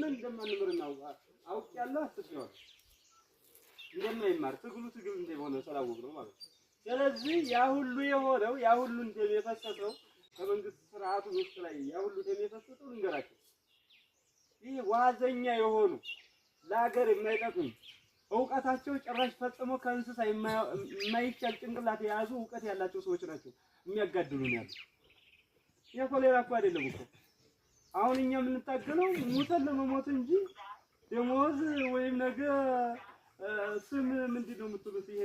መምህር ነን እንደማንምር ነው አውቅ ያለ አስቤዋል። እንደማይማር ትግሉ ትግል እንደሆነ ስላወቅ ነው ማለት ነው። ስለዚህ ያ ሁሉ የሆነው ያ ሁሉ እንደም የፈሰሰው ከመንግስት ስርዓቱ ውስጥ ላይ ያ ሁሉ እንደም የፈሰሰው ልንገራቸው። ይህ ዋዘኛ የሆኑ ለሀገር የማይጠቅም እውቀታቸው ጭራሽ ፈጽሞ ከእንስሳ የማይቻል ጭንቅላት የያዙ እውቀት ያላቸው ሰዎች ናቸው የሚያጋድሉን ያሉ። የኮሌራ እኮ አይደለም እኮ አሁን እኛ የምንታገለው ሞተን ለመሞት እንጂ ደሞዝ ወይም ነገ ስም ምንድን ነው የምትሉት? ይሄ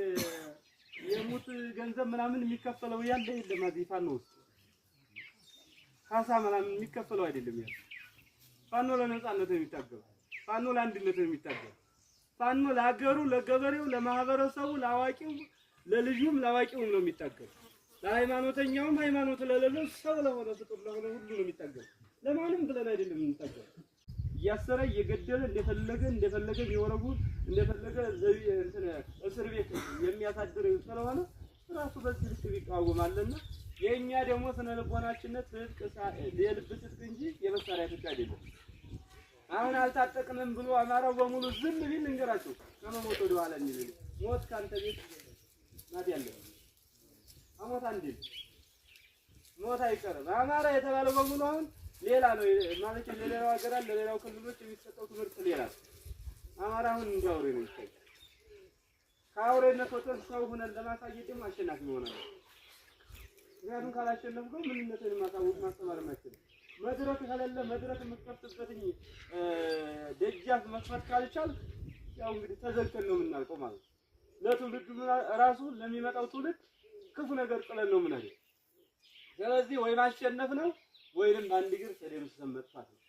የሙት ገንዘብ ምናምን የሚከፈለው ያለ የለም። አዚህ ፋኖ ውስጥ ካሳ ምናምን የሚከፈለው አይደለም። ያ ፋኖ ለነጻነት ነው ፋኖ ለአንድነት ነው ፋኖ ለሀገሩ፣ ለገበሬው፣ ለማህበረሰቡ፣ ለአዋቂው፣ ለልጁም ለአዋቂውም ነው የሚታገል። ለሃይማኖተኛውም ሃይማኖት ለሌለው ሰው ለሆነ ፍጡር ለሆነ ሁሉ ነው የሚታገል። ለማንም ብለን አይደለም የምንጠቀም እያሰረ እየገደለ እንደፈለገ እንደፈለገ ቢወረጉ እንደፈለገ እስር ቤት የሚያሳድር ስለሆነ ራሱ በዚህ ልክ ቢቃወማልና የእኛ ደግሞ ስነ ልቦናችንነት ትጥቅ የልብ ትጥቅ እንጂ የመሳሪያ ትጥቅ አይደለም። አሁን አልታጠቅንም ብሎ አማራው በሙሉ ዝም ቢል እንገራቸው ከመሞት ወደ ኋላ የሚል ሞት ከአንተ ቤት ናት ያለ አሞት አንዴ ሞት አይቀርም። አማራ የተባለው በሙሉ አሁን ሌላ ነው ማለት ለሌላው ሀገር ለሌላው ክልሎች የሚሰጠው ትምህርት ሌላ ነው። አማራ አሁን እንደ አውሬ ነው የሚታየው። ከአውሬነት ወጥተን ሰው ሆነን ለማሳየት ደግሞ አሸናፊ መሆን አለ። ምክንያቱም ካላሸነፍከው ምንነትን ማሳወቅ ማስተማር አይችልም። መድረክ ከሌለ መድረክ የምትከፍትበትኝ ደጃፍ መክፈት ካልቻል ያው እንግዲህ ተዘግተን ነው የምናልቀው ማለት ነው። ለትውልዱ ራሱ ለሚመጣው ትውልድ ክፉ ነገር ጥለን ነው የምናየው። ስለዚህ ወይ ማሸነፍ ነው ወይንም አንድ እግር ተደምስሰን መጥፋት ነው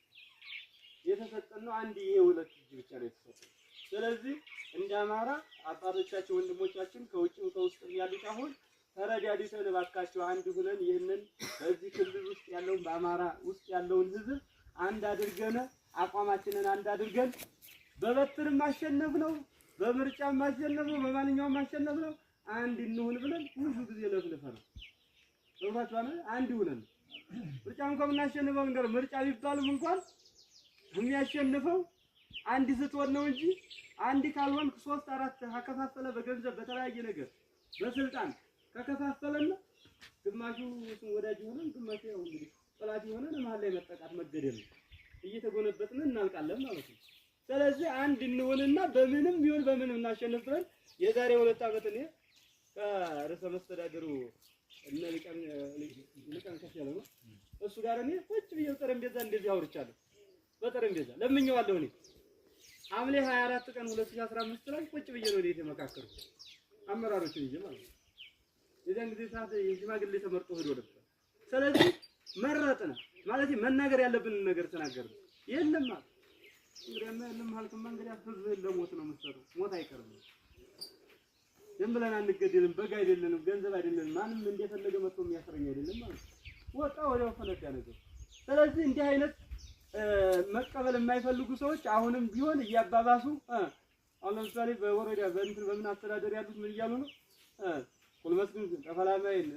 የተሰጠነው። አንድ ይሄ ሁለት እጅ ብቻ ነው የተሰጠነው። ስለዚህ እንደ አማራ አባቶቻችን ወንድሞቻችን ከውጭም ከውስጥም ያሉት አሁን ተረዳድተን እባካቸው አንድ ሁነን ይህንን በዚህ ክልል ውስጥ ያለውን በአማራ ውስጥ ያለውን ህዝብ አንድ አድርገን አቋማችንን አንድ አድርገን በበትርም ማሸነፍ ነው፣ በምርጫም ማሸነፍ ነው፣ በማንኛውም ማሸነፍ ነው። አንድ እንሁን ብለን ብዙ ጊዜ ለፍልፈናል። አንድ ሁነን ምርጫ እንኳን የምናሸንፈው እንደው ምርጫ ቢባልም እንኳን የሚያሸንፈው አንድ ስትሆን ነው እንጂ አንድ ካልሆንክ ሶስት አራት አከፋፈለ በገንዘብ በተለያየ ነገር በስልጣን ከከፋፈለና ግማሹ ወዳጅ ይሆናል፣ ግማሹ ያው እንግዲህ ጠላት ይሆናል። መሀል ላይ መጠቃት መገደል እየተጎነበጥን እናልቃለን ማለት ነው። ስለዚህ አንድ እንሆንና በምንም ቢሆን በምንም እናሸንፍ ብለን የዛሬ ሁለት ዓመት እኔ ከርዕሰ መስተዳድሩ እነ ሊቀን ከፍ ያለ ነው እሱ ጋር እኔ ቁጭ ብዬ ጠረጴዛ እንደዚህ አውርቻለሁ። በጠረጴዛ ለምኜዋለሁ። እኔ ሐምሌ 24 ቀን 2015 ላይ ቁጭ ብዬ ነው እኔ የተመካከርኩት አመራሮችን ይዤ ማለት ነው። የዚያን ጊዜ ሰዓት የሽማግሌ ተመርጦ ሄዶ ነበር። ስለዚህ መረጥን ማለት መናገር ያለብን ነገር ተናገርን። የለም ማለት እንግዲህ የለም አልክማ እንግዲህ ህዝብህን ለሞት ነው የምትሰጠው። ሞት አይቀርም። ዝም ብለን አንገደልም። በግ አይደለንም፣ ገንዘብ አይደለንም። ማንም እንደፈለገ መጥቶ የሚያስረኝ አይደለም ማለት ነው። ወጣ ወዲያው ፈለጋ ነገር። ስለዚህ እንዲህ አይነት መቀበል የማይፈልጉ ሰዎች አሁንም ቢሆን እያባባሱ አሁን ለምሳሌ በወረዳ በእንትን በምን አስተዳደር ያሉት ምን እያሉ ነው? ቁልመስግን ጠፈላማይን